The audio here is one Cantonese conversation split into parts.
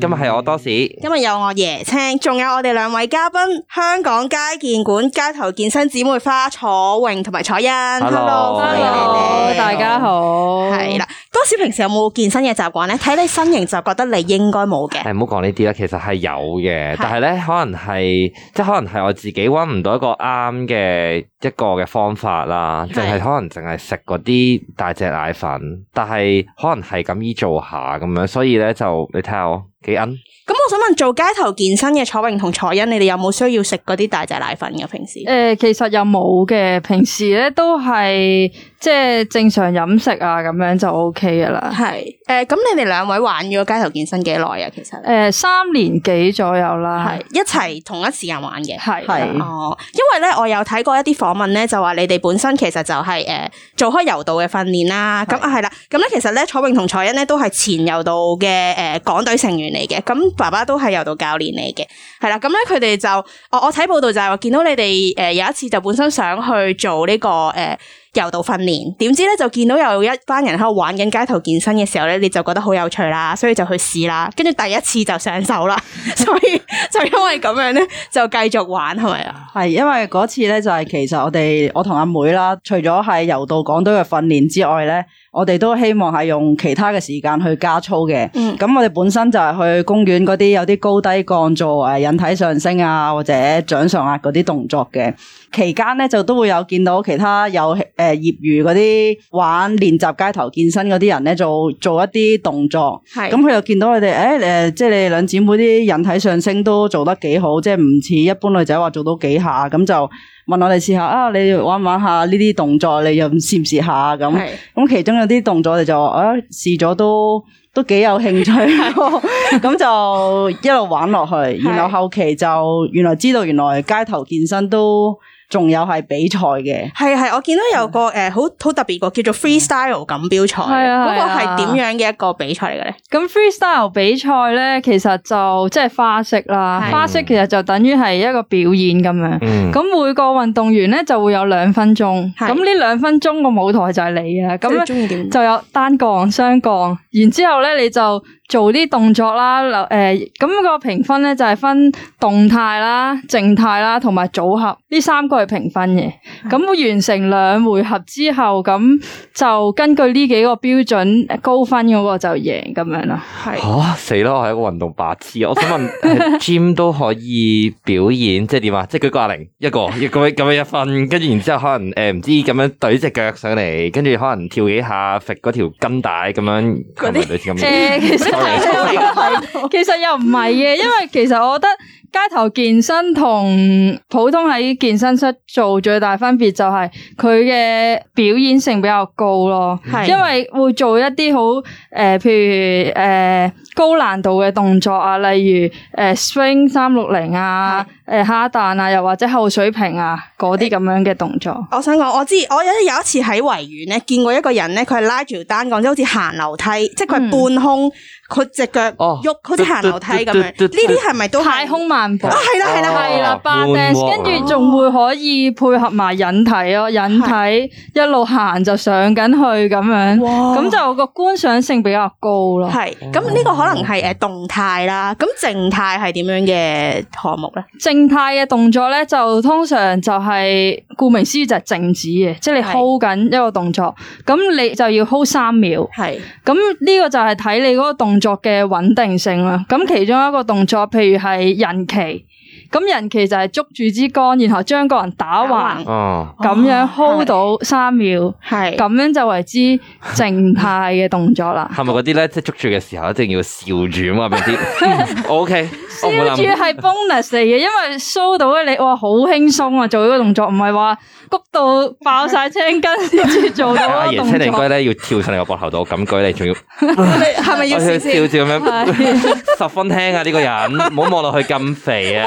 今日係我多士，今日有我椰青，仲有我哋兩位嘉賓香港街健館街頭健身姊妹花楚穎同埋楚恩。Hello，多謝你，大家好。係啦，多士，多士，多士平時有冇健身嘅習慣咧？睇你身形就覺得你應該冇嘅。誒，唔好講呢啲啦，其實係有嘅，但係咧是可能係即係可能係我自己搵唔到一個啱嘅一個嘅方法啦，淨係是可能淨係食嗰啲大隻奶粉，但係可能係咁依做下咁樣，所以咧就你睇下我。嘅恩，咁我想問做街頭健身嘅楚穎同楚恩，你哋有冇需要食嗰啲大隻奶粉嘅平時？誒、呃，其實又冇嘅，平時咧都係即係正常飲食啊，咁樣就 OK 噶啦。係。誒，咁、呃、你哋兩位玩咗街頭健身幾耐啊？其實誒，三年幾左右啦，係一齊同一時間玩嘅，係係哦。因為咧，我有睇過一啲訪問咧，就話你哋本身其實就係、是、誒、呃、做開柔道嘅訓練啦。咁是的 啊係啦，咁咧、嗯、其實咧，楚穎同楚恩咧都係前柔道嘅誒、呃、港隊成員嚟嘅。咁、嗯、爸爸都係柔道教練嚟嘅，係啦。咁咧佢哋就、呃、我我睇報道就係、是、話見到你哋誒有一次就本身想去做呢、這個誒。呃呃柔道訓練，點知咧就見到有一班人喺度玩緊街頭健身嘅時候咧，你就覺得好有趣啦，所以就去試啦。跟住第一次就上手啦， 所以就因為咁樣咧，就繼續玩係咪啊？係 因為嗰次咧就係、是、其實我哋我同阿妹啦，除咗係柔道港隊嘅訓練之外咧。我哋都希望係用其他嘅時間去加操嘅，咁我哋本身就係去公園嗰啲有啲高低槓、做誒，引體上升啊，或者掌上壓嗰啲動作嘅。期間咧就都會有見到其他有誒業餘嗰啲玩練習街頭健身嗰啲人咧做做一啲動作，咁佢又見到佢哋誒誒，即係你哋兩姊妹啲引體上升都做得幾好，即係唔似一般女仔話做到幾下咁就。問我哋試下啊，你玩唔玩下呢啲動作？你又試唔試下咁？咁的其中有啲動作我，我哋就誒試咗都都幾有興趣，咁 就一路玩落去。 然後後期就原來知道，原來街頭健身都。仲有係比賽嘅，係係我見到有個誒好好特別個叫做 Freestyle 錦標賽，嗰、嗯、個係點樣嘅一個比賽嚟嘅咧？咁 Freestyle 比賽咧，其實就即係花式啦，的花式其實就等於係一個表演咁樣。咁的、嗯、每個運動員咧就會有兩分鐘，咁呢兩分鐘個舞台就係你嘅，咁中意點就有單槓、雙槓，然後之後咧你就。做啲動作啦，留誒，咁個評分咧就係分動態啦、靜態啦，同埋組合呢三個係評分嘅。咁完成兩回合之後，咁就根據呢幾個標準，高分嗰個就贏咁樣咯。係嚇死咯！我係一個運動白痴。我想問，gym 都可以表演，即係點啊？即係舉槓鈴一個，咁樣咁樣一分，跟住然之後可能誒，唔知咁樣懟隻腳上嚟，跟住可能跳幾下，甩嗰條筋帶咁樣，係咪類似咁樣？ 其實又唔係嘅，因為其實我覺得街頭健身同普通喺健身室做最大分別就係佢嘅表演性比較高咯，係是，因為會做一啲好，誒，譬如，誒、呃、高難度嘅動作啊，例如誒 spring 三六零啊，誒哈蛋啊，又或者後水平啊嗰啲咁樣嘅動作。我想講，我知我有有一次喺維園咧，見過一個人咧，佢係拉住條單槓，即、就係、好似行樓梯，嗯、即係佢半空。佢隻腳喐，好似行樓梯咁樣。呢啲係咪都太空漫步啊？係啦係啦係啦，balance。跟住仲會可以配合埋引體咯，引體一路行就上緊去咁樣。咁就個觀賞性比較高咯。係。咁呢個可能係誒動態啦。咁靜態係點樣嘅項目咧？靜態嘅動作咧，就通常就係顧名思義就係靜止嘅，即係你 hold 緊一個動作。咁你就要 hold 三秒。係。咁呢個就係睇你嗰個動。動作嘅穩定性啦，咁其中一個動作，譬如係人旗。咁人其實係捉住支桿，然後將個人打橫，咁樣 hold 到三秒，咁樣就為之靜態嘅動作啦。係咪嗰啲咧，即係捉住嘅時候一定要笑住咁啊？邊啲？O K，笑住係 bonus 嚟嘅，因為 show 到嘅你哇好輕鬆啊！做呢個動作唔係話谷到爆晒青筋先至做到啊！而家青年龜咧，要跳上你個膊頭度，咁舉你，仲要係咪要笑住咁樣？十分輕啊！呢個人，唔好望落去咁肥啊！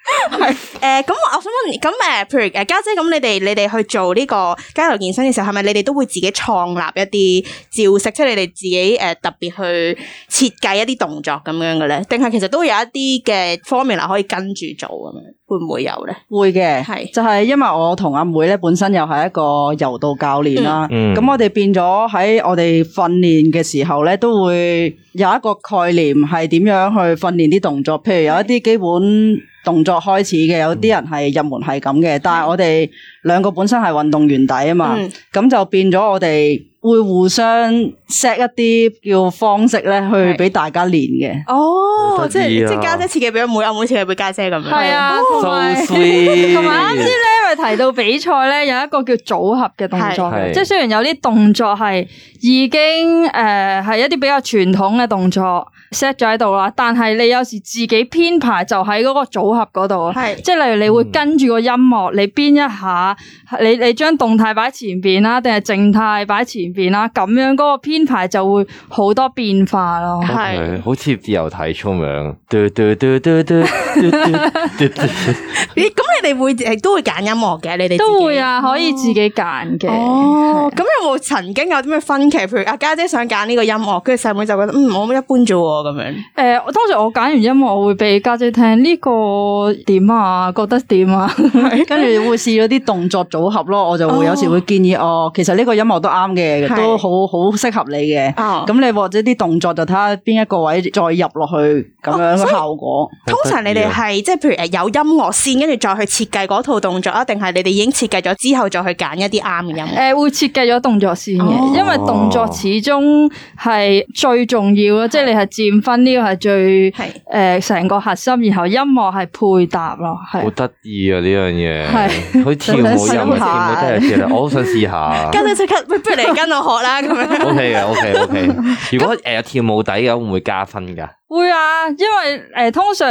係誒，咁我是、嗯呃、我想問，咁誒，譬如誒家姐，咁你哋你哋去做呢個街流頭健身嘅時候，係咪你哋都會自己創立一啲招式，即、就、係、是、你哋自己誒、呃、特別去設計一啲動作咁樣嘅咧？定係其實都有一啲嘅 formula 可以跟住做咁樣，會唔會有咧？會嘅的，係的就係因為我同阿妹咧，本身又係一個柔道教練啦。嗯，咁我哋變咗喺我哋訓練嘅時候咧，都會有一個概念係點樣去訓練啲動作，譬如有一啲基本。動作開始嘅，有啲人係入門係咁嘅，但係我哋兩個本身係運動員底啊嘛，咁、嗯、就變咗我哋會互相 set 一啲叫方式咧，去俾大家練嘅。哦、啊、即係即係家姐設計俾阿妹，阿妹設計俾家姐咁。係啊，同埋 So sweet。 因為提到比賽咧，有一個叫組合嘅動作嘅，即係雖然有啲動作係已經誒係、呃、一啲比較傳統嘅動作 set 咗喺度啦，但係你有時自己編排就喺個組合度啊，係是即係例如你會跟住個音樂是你編一下，你你將動態擺前邊啦，定係靜態擺前邊啦，咁樣個編排就會好多變化咯，係、okay, 好似自由體操咁樣。嘟嘟嘟嘟嘟嘟嘟嘟，咦？咁你哋會誒都會揀音。嘅，你哋都會啊，可以自己揀嘅。哦，咁有冇曾經有啲咩分歧？譬如阿家姐想揀呢個音樂，跟住細妹就覺得嗯，我一般啫喎咁樣。誒，通常我揀完音樂，會俾家姐聽呢個點啊，覺得點啊？係。跟住會試咗啲動作組合咯，我就會有時會建議哦，其實呢個音樂都啱嘅，都好好適合你嘅。哦。咁你或者啲動作就睇下邊一個位再入落去咁樣嘅效果。通常你哋係即係譬如誒有音樂先，跟住再去設計嗰套動作啊。一定係你哋已經設計咗之後再去揀一啲啱嘅音樂。誒，會設計咗動作先嘅，哦、因為動作始終係最重要咯，哦、即係你係佔分呢個係最誒成個核心，然後音樂係配搭咯。好得意啊！呢樣嘢，係佢是的 跳舞又唔 跳舞都有嘅 我好想試下。 跟住即刻，不如嚟跟我學啦咁樣。O K 嘅，O K O K。如果誒、呃、跳舞底嘅，會唔會加分噶？會啊，因為誒、呃、通常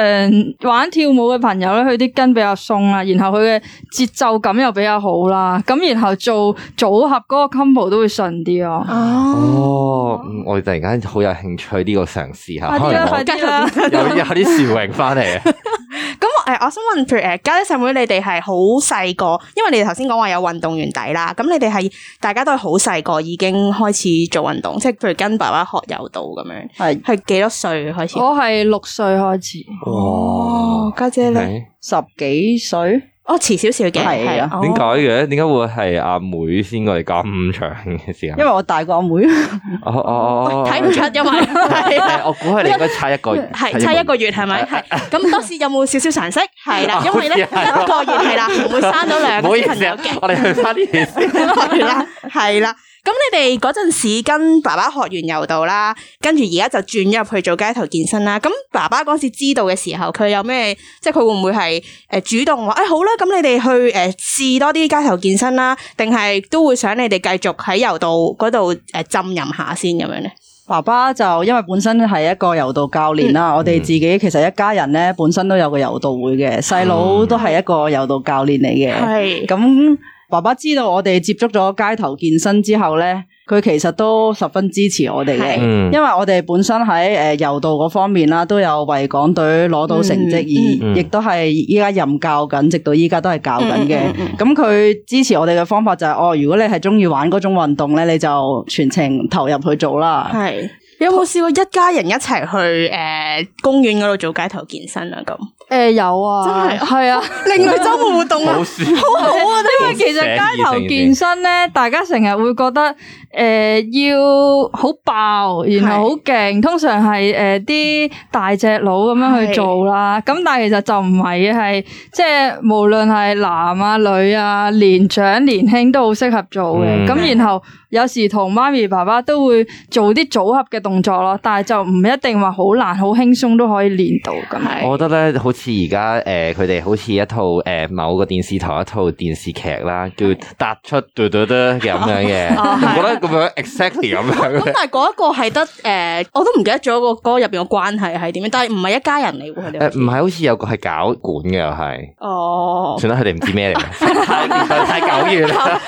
玩跳舞嘅朋友咧，佢啲筋比較鬆啊，然後佢嘅節奏感又比較好啦，咁然後做組合嗰個 combo 都會順啲哦、啊。啊、哦，我突然間好有興趣呢個嘗試下、啊，快啲啦，快啲啦，有啲兆榮翻嚟啊！我想問，譬如誒家姐細妹，你哋係好細個，因為你哋頭先講話有運動員底啦，咁你哋係大家都係好細個已經開始做運動，即係譬如跟爸爸學柔道咁樣，係係幾多歲開始？我係六歲開始。哦，家姐呢是十幾歲？哦，遲少少嘅，點解嘅？點解會係阿妹先過嚟咁長嘅時間？因為我大過阿妹。哦哦，睇唔出，因為我估係你應該差一個月，係差一個月係咪？係。咁當時有冇少少常識？係啦，因為咧一個月係啦，唔會差到你。唔好意思啊，我哋去翻啲嘢先。係啦，係啦。咁你哋嗰陣時跟爸爸學完柔道啦，跟住而家就轉入去做街頭健身啦。咁爸爸嗰時知道嘅時候，佢有咩？即係佢會唔會係誒主動話誒、哎、好啦，咁你哋去誒試、呃、多啲街頭健身啦，定係都會想你哋繼續喺柔道嗰度誒浸淫下先咁樣咧？爸爸就因為本身係一個柔道教練啦，嗯、我哋自己其實一家人咧本身都有個柔道會嘅，細佬都係一個柔道教練嚟嘅，係咁是。爸爸知道我哋接觸咗街頭健身之後呢，佢其實都十分支持我哋嘅。是因為我哋本身喺誒柔道嗰方面啦，都有為港隊攞到成績，嗯嗯、而亦都係依家任教緊，直到依家都係教緊嘅。咁佢，嗯嗯嗯嗯、支持我哋嘅方法就係、是、哦，如果你係鍾意玩嗰種運動呢，你就全程投入去做啦。係。有冇試過一家人一齊去誒、呃、公園嗰度做街頭健身啊？咁誒、呃、有啊，真係是係啊，另外周末活動好好啊！ 因為其實街頭健身咧， 大家成日會覺得誒、呃、要好爆，然後好勁，是通常係誒啲大隻佬咁樣去做啦。咁是但係其實就唔係係即係無論係男啊女啊年長年輕都好適合做嘅。咁、嗯、然後。有時同媽咪爸爸都會做啲組合嘅動作咯，但係就唔一定話好難好輕鬆都可以練到咁係。我覺得咧，好似而家誒，佢哋好似一套誒某個電視台一套電視劇啦，叫《突出嘟嘟嘟》咁樣嘅。我覺得咁樣 exactly 咁樣。咁但係嗰一個係得誒，我都唔記得咗個歌入邊嘅關係係點樣，但係唔係一家人嚟喎。誒，唔係，好似有個係搞管嘅，又係。哦，算啦，佢哋唔知咩嚟嘅，太太久遠啦。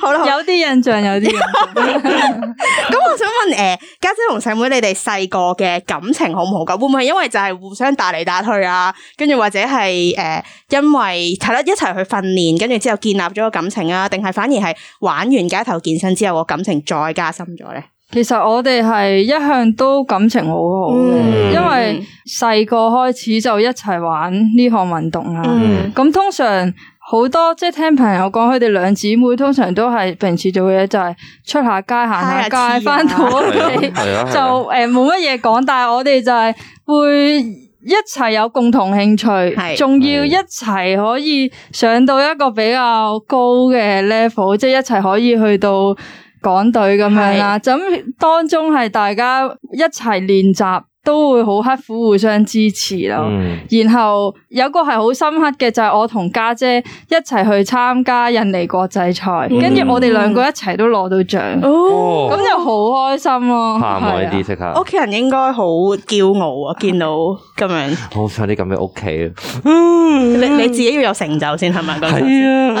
好啦，有啲印象有。咁 我想問誒，家、呃、姐同細妹，妹，你哋細個嘅感情好唔好噶？會唔會因為就係互相打嚟打去啊？跟住或者係誒、呃，因為係啦，一齊去訓練，跟住之後建立咗個感情啊？定係反而係玩完街頭健身之後，那個感情再加深咗咧？其實我哋係一向都感情好好，啊嗯、因為細個開始就一齊玩呢項運動啊。咁、嗯嗯、通常。好多即係聽朋友講，佢哋兩姊妹通常都係平時做嘢就係、是、出下街行下街，翻 到屋企 就誒冇乜嘢講。但係我哋就係會一齊有共同興趣，係仲對要一齊可以上到一個比較高嘅 level，即係一齊可以去到港隊咁對樣啦。咁對當中係大家一齊練習。都會好刻苦，互相支持咯，然後有個係好深刻嘅就係我同家姐，姐一齊去參加印尼國際賽，跟住我哋兩個一齊都攞到獎，咁 噢就好開心咯。吓，呢屋企人應該好驕傲啊！見到咁樣，好 想啲咁嘅屋企啊！你你自己要有成就先係咪？係啊，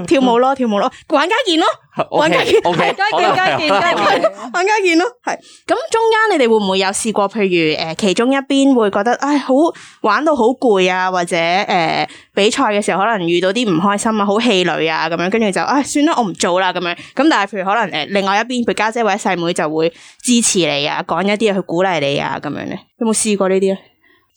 哎、跳舞咯，跳舞咯，玩街健咯。溫家健，溫家健，溫家健，溫家健咯，係咁中間你哋會唔會有試過，譬如誒其中一邊會覺得，唉好玩到好攰啊，或者誒、呃、比賽嘅時候可能遇到啲唔開心啊，好氣餒啊咁樣，跟住就唉算啦，我唔做啦咁樣。咁但係譬如可能誒另外一邊佢家姐或者細妹，妹就會支持你啊，講一啲嘢，去鼓勵你啊咁樣咧，有冇試過呢啲咧？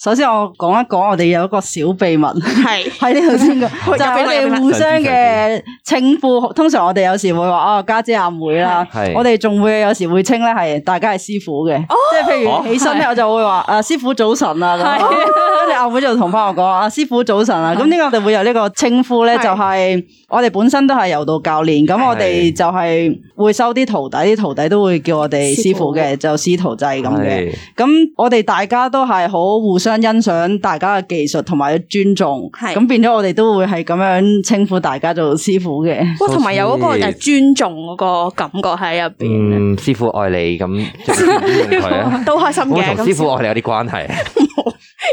首先我講一講，我哋有一個小秘密，係喺呢度先嘅，就畀你互相嘅稱呼。通常我哋有時會話啊家姐阿妹啦，我哋仲會有時會稱咧係大家係師傅嘅，即係譬如起身咧，我就會話啊師傅早晨啊，跟住阿妹就同翻我講啊師傅早晨啊。咁點解，呢個我哋會有呢個稱呼咧，就係我哋本身都係柔道教練，咁我哋就係會收啲徒弟，啲徒弟都會叫我哋師傅嘅，就師徒制咁嘅。咁我哋大家都係好互相。欣賞大家嘅技術同埋尊重，咁是變咗我哋都會係咁樣稱呼大家做師傅嘅。同埋有嗰個就係尊重嗰個感覺喺入邊。嗯，師傅愛你咁， 都開心嘅。 同師傅愛你有啲關係。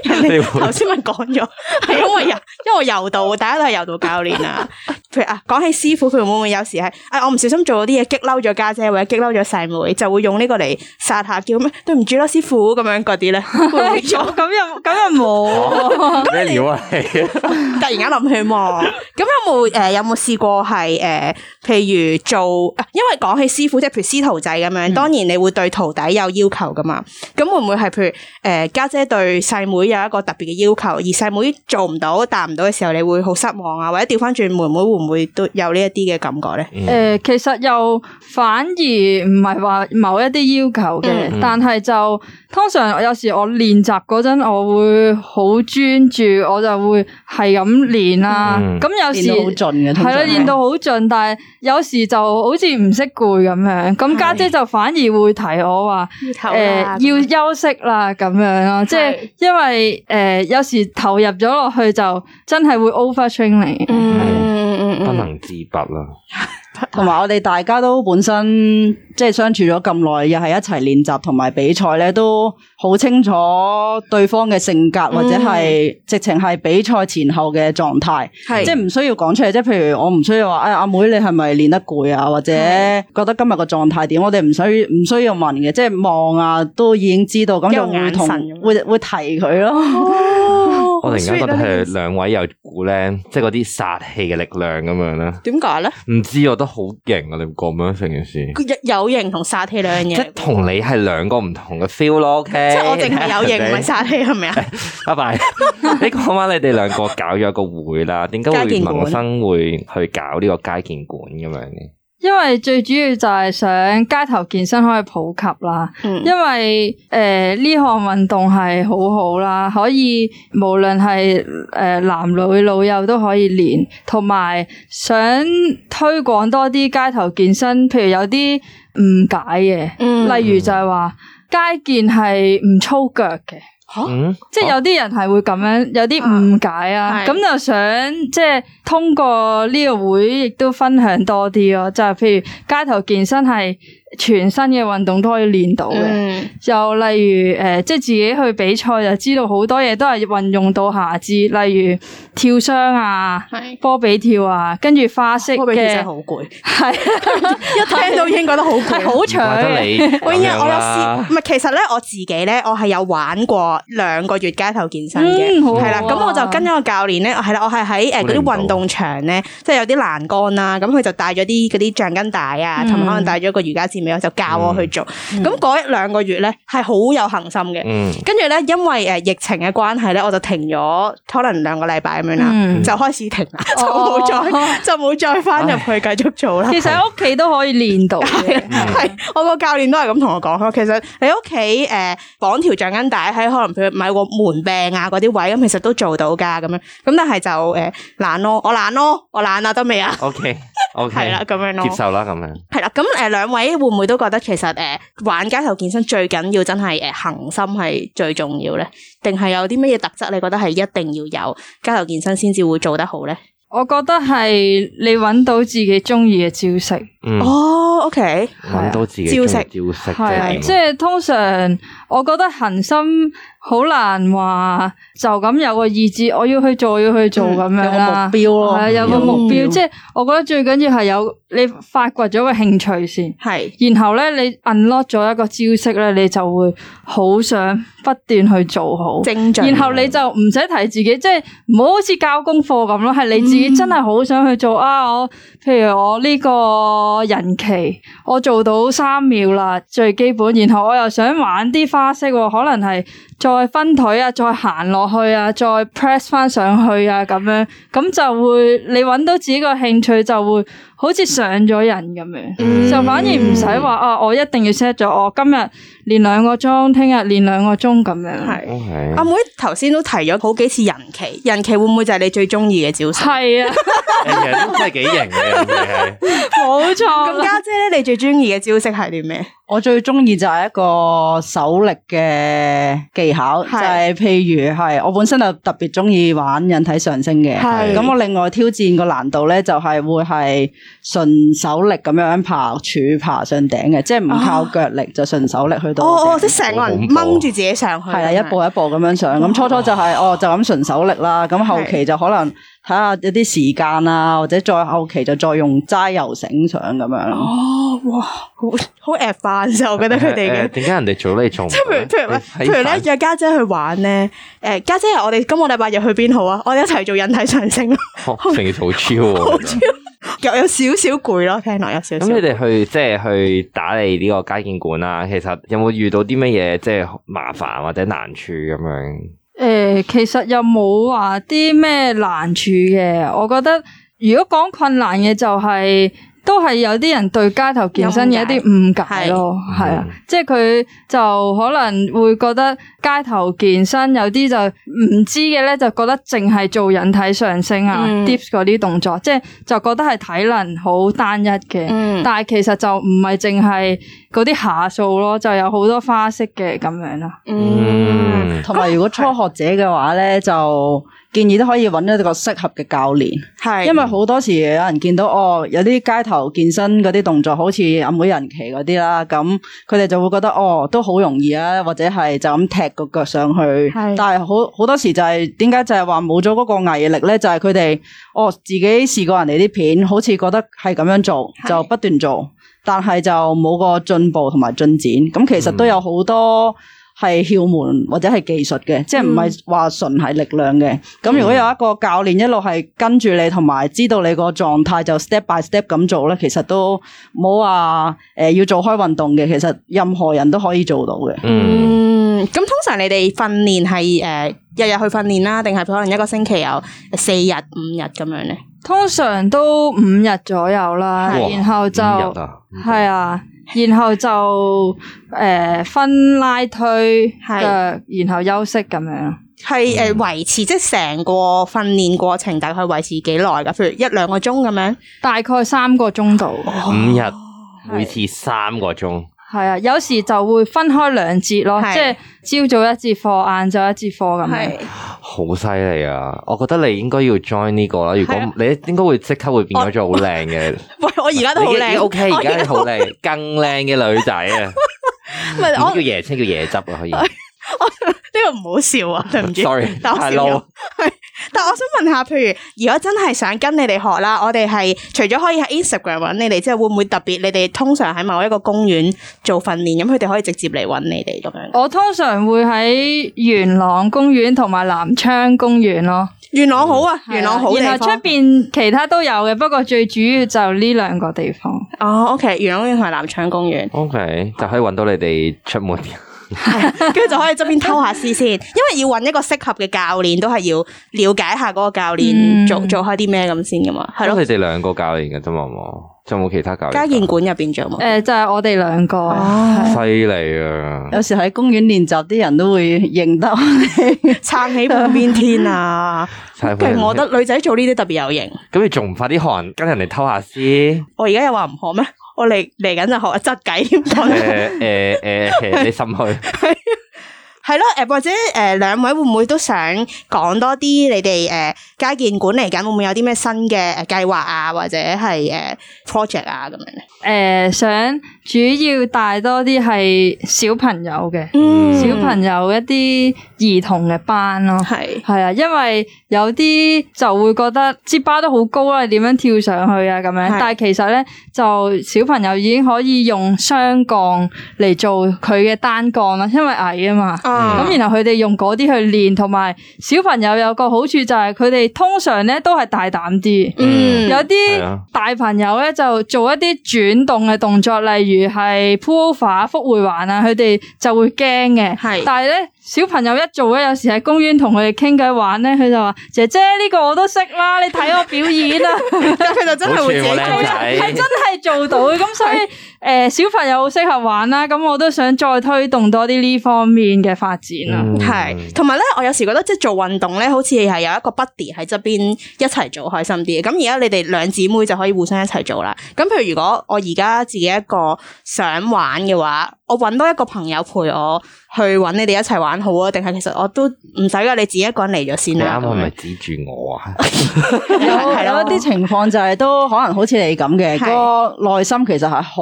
人哋頭先咪講咗，係因為啊，因為我柔道，大家都係柔道教練啊。譬 如啊，講起師傅，佢會唔會有時係啊、哎，我唔小心做咗啲嘢，激嬲咗家姐，或者激嬲咗細妹，就會用呢個嚟殺下叫咩？對唔住咯，師傅咁樣嗰啲咧。冇咁又咁又冇。咩料 啊， 啊？突然間諗起，咁 有冇誒、呃？有冇試過係誒、呃？譬如做，啊、因為講起師傅即係譬如師徒仔咁樣，當然你會對徒弟有要求噶嘛。咁會唔會係譬如誒家姐對細妹，妹？會有一個特別嘅要求，而細妹做唔到，達唔到嘅時候，你會好失望啊？或者調翻轉，妹妹會唔會都有呢一啲嘅感覺咧？誒，其實又反而唔係話某一啲要求嘅，但係就通常有時我練習嗰陣，我會好專注，我就會係咁練啦。咁有時練到盡嘅，係啦，練到好盡，但係有時就好似唔識攰咁樣。咁家姐就反而會提我話，誒，要休息啦咁樣咯，即係因為。係誒有時投入咗落去就真係會 overtraining，不能自拔咯。同埋我哋大家都本身即係相處咗咁耐，又係一齊練習同埋比賽咧，都好清楚對方嘅性格或者係、嗯、直情係比賽前後嘅狀態，係是 即係唔需要講出嚟。即係譬如我唔需要話，哎呀阿妹你係咪練得攰啊？或者覺得今日個狀態點？我哋唔需唔需要問嘅，即係望啊都已經知道，咁眼就同會同會會提佢咯。哦 我突然間覺得係兩位有股咧，即係嗰啲殺氣嘅力量咁樣啦。點解咧？唔知，我覺得好勁啊！你唔覺咩？成件事有，有型殺氣兩兩同殺氣兩樣嘢，即係同你係兩個唔同嘅 feel 咯。OK，即係我淨係有型唔係殺氣，係咪啊？是是 拜拜！ 你講翻你哋兩個搞咗一個會啦，點解會萌生會去搞呢個街健館咁樣嘅？因為最主要就係想街頭健身可以普及啦，嗯、因為誒呢項運動係好好啦，可以無論係誒男女老幼都可以練，同埋想推廣多啲街頭健身，譬如有啲誤解嘅，嗯、例如就係話街健係唔操腳嘅。吓，啊、即係有啲人係會咁樣，有啲誤解啊，咁、啊、就想即係通過呢個會，亦都分享多啲咯、啊，就係譬如街頭健身係。全身嘅運動都可以練到嘅，就例如誒，即係自己去比賽就知道好多嘢都係運用到下肢，例如跳箱啊、波比跳啊，跟住花式嘅好攰，係一聽到已經覺得好攰，好長嘅。我有試唔係，其實咧我自己咧，我係有玩過兩個月街頭健身嘅，係啦，咁我就跟咗個教練咧，係啦，我係喺誒嗰啲運動場咧，即係有啲欄杆啦，咁佢就帶咗啲嗰啲橡筋帶啊，同埋可能帶咗個瑜伽，就教我去做，咁嗰一兩個月咧係好有恒心嘅。跟住咧，因為誒疫情嘅關係咧，我就停咗可能兩個禮拜咁樣啦，就開始停啦，就冇再就冇再翻入去繼續做啦。其實喺屋企都可以練到嘅，係我個教練都係咁同我講咯。其實你屋企誒綁條橡筋帶喺可能佢買個門柄啊嗰啲位，咁其實都做到噶咁樣。咁但係就誒懶咯，我懶咯，我懶啦得未啊。OK。係啦，咁樣咯。接受啦，咁樣。係啦，咁誒，兩位會唔會都覺得其實誒玩街頭健身最緊要真係誒恒心係最重要咧？定係有啲乜嘢特質你覺得係一定要有街頭健身先至會做得好咧？我覺得係你揾到自己中意嘅招式。哦，OK。揾到自己招式，招式即係即係通常，我覺得恒心。好難話，就咁有個意志，我要去做，要去做咁、嗯、樣啦。目標咯，係有個目標，目標即係我覺得最緊要係有你發掘咗個興趣先，係是然後咧你 unlock 咗一個招式咧，你就會好想不斷去做好。正，正然後你就唔使提自己，即係唔好好似教功課咁咯，係你自己真係好想去做、嗯、啊！我譬如我呢個人旗，我做到三秒啦，最基本，然後我又想玩啲花式，可能係。再分腿啊，再行落去啊，再 press 翻上去啊，咁樣咁就會你揾到自己個興趣，就會好似上咗癮咁樣，就反而唔使話啊，我一定要 set 咗，我今日練兩個鐘，聽日練兩個鐘咁樣。係阿妹頭先都提咗好幾次人旗，人旗會唔會就係你最中意嘅招式？係啊，真係幾型嘅，冇錯。咁家姐咧，你最中意嘅招式係啲咩？我最中意就係一個手力嘅技。技巧是就係譬如係我本身就特別中意玩引體上升嘅，咁是我另外挑戰個難度咧就係、是、會係純手力咁樣爬柱爬上頂嘅，即係唔靠腳力、啊、就純手力去到頂頂。哦哦，即係成個人掹住自己上去。係啦是，嗯、一步一步咁樣上，咁、哦、初初就係、是、哦就咁純手力啦，咁後期就可能。睇下有啲時間啊，或者再後期就再用齋油醒相咁樣。哦，哇，好好 advance，我覺得佢哋嘅。點解，欸欸，人哋做你做唔到？譬如譬如咧，如如約家姐，姐去玩咧。誒、欸，家姐，姐，我哋今個禮拜日去邊好啊？我哋一齊做引體上升咯。成日做超，又 有少少攰咯，聽落有少少。咁你哋去即係去打理呢個街健館啊？其實有冇遇到啲乜嘢即係麻煩或者難處咁樣？誒，其實又冇話啲咩難處嘅，我覺得如果講困難嘅就係、是。都係有啲人對街頭健身有一啲誤解咯，係是啊，即係佢就可能會覺得街頭健身有啲就唔知嘅咧，就覺得淨係做引體上升啊、dips 嗰啲動作，即係就覺得係體能好單一嘅。嗯、但係其實就唔係淨係嗰啲下數咯，就有好多花式嘅咁樣咯、啊。嗯，同埋如果初學者嘅話咧，就。建議都可以揾一個適合嘅教練，係是，因為好多時有人見到哦，有啲街頭健身嗰啲動作，好似阿妹人旗嗰啲啦，咁佢哋就會覺得哦，都好容易啊，或者係就咁踢個腳上去，是但係好好多時就係點解就係話冇咗嗰個毅力咧？就係佢哋哦自己試過人哋啲片，好似覺得係咁樣做，就不斷做，是但係就冇個進步同埋進展，咁其實都有好多、嗯。係竅門或者係技術嘅，嗯、即係唔係話純係力量嘅。咁、嗯、如果有一個教練一路係跟住你，同埋知道你個狀態就 step by step 咁做咧，其實都冇話誒要做開運動嘅。其實任何人都可以做到嘅。嗯，嗯，咁通常你哋訓練係誒日日去訓練啦，定係可能一個星期有四日五日咁樣咧？通常都五日左右啦，哇然後就係啊。然後就誒、呃，分拉推腳，是然後休息咁樣。係誒、呃，維持即係成個訓練過程，大概維持幾耐㗎？譬如一兩個鐘咁樣，大概三個鐘度。五日每次三個鐘。係啊，有時就會分開兩節咯，是即係朝早一節課，晏晝一節課咁樣。好犀利啊！我覺得你應該要 join 呢個啦。啊、如果你應該會即刻會變咗做好靚嘅。喂，我而家都好靚，OK，而家好靚，你更靚嘅女仔啊！唔係我叫椰青，我叫椰汁啊，可以。 我呢個唔好笑啊，對唔住，sorry。但係咯，但係我想問下，譬如如果真係想跟你哋學啦，我哋係除咗可以喺 Instagram 搵你哋，即係會唔會特別？你哋通常喺某一個公園做訓練，咁佢哋可以直接嚟搵你哋咁樣。我通常會喺元朗公園同埋南昌公園咯。元朗好啊，元朗好。原來出邊其他都有嘅，不過最主要就呢兩個地方。哦，OK，元朗公園同埋南昌公園。OK，就可以搵到你哋出門。跟住 就可以側邊偷下師先，因為要揾一個適合嘅教練，都係要了解下嗰個教練、嗯、做做開啲咩咁先噶嘛。係咯，佢哋兩個教練嘅啫嘛，仲有冇其他教練？街健館入邊仲有冇？誒、呃，就係、是、我哋兩個啊，犀利啊！是有時喺公園練習，啲人都會認得我哋 撐起半邊天啊！其實、 啊、 我覺得女仔做呢啲特別有型。咁你仲唔發啲汗，跟人哋偷下師？我而家又話唔學咩？.我嚟嚟緊就學質計，誒誒誒，你心虛。 係咯，誒或者誒、呃、兩位會唔會都想講多啲你哋，誒街健館嚟緊，會唔會有啲咩新嘅誒計劃啊，或者係誒、呃、project 啊咁樣咧？誒、呃、想主要帶多啲係小朋友嘅，嗯、小朋友一啲兒童嘅班咯、啊，係係是啊，因為有啲就會覺得啲巴得好高啊，點樣跳上去啊咁樣，是但係其實咧就小朋友已經可以用雙槓嚟做佢嘅單槓啦，因為矮啊嘛。啊咁，嗯、然後佢哋用嗰啲去練，同埋小朋友有個好處就係佢哋通常都係大膽啲。嗯、有啲大朋友咧就做一啲轉動嘅動作，例如係 pull 翻複回環啊，佢哋就會驚嘅。是但係咧。小朋友一做咧，有時喺公園同佢哋傾偈玩咧，佢就話：姐姐呢、這個我都識啦，你睇我表演啦、啊。咁佢 就真係會自己， 做，係真係做到。咁 所以，誒、呃、小朋友好適合玩啦。咁我都想再推動多啲呢方面嘅發展啊、嗯。係，同埋咧，我有時覺得即係做運動咧，好似係有一個 buddy 喺側邊一齊做開心啲。咁而家你哋兩姊妹就可以互相一齊做啦。咁譬如如果我而家自己一個想玩嘅話。我揾多一個朋友陪我去揾你哋一齊玩好啊？定係其實我都唔使噶，你自己一個人嚟咗先啦。你啱啱咪指住我啊？係囉，係囉，一啲情況就係都可能好似你咁嘅，個內 心其實係好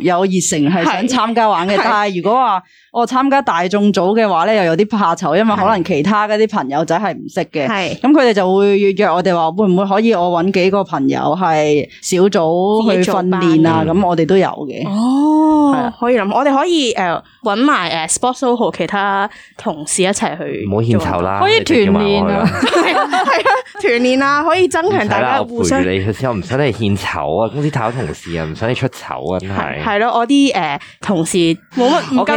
有熱誠，係想參加玩嘅。的但係如果話，我參加大眾組嘅話咧，又有啲怕醜，因為可能其他嗰啲朋友仔係唔識嘅，咁佢哋就會約我哋話會唔會可以我揾幾個朋友係小組去訓練啊？咁我哋都有嘅。哦，係啊，可以諗，我哋可以誒揾、呃、埋誒 Sportsoho 其他同事一齊去，唔好獻醜啦，可以團練啊， 係啊，團練啊，可以增強大家互相。你又唔想你獻醜啊？公司炒同事啊，唔想你出醜啊！真係。係咯，我啲誒同事冇乜唔夠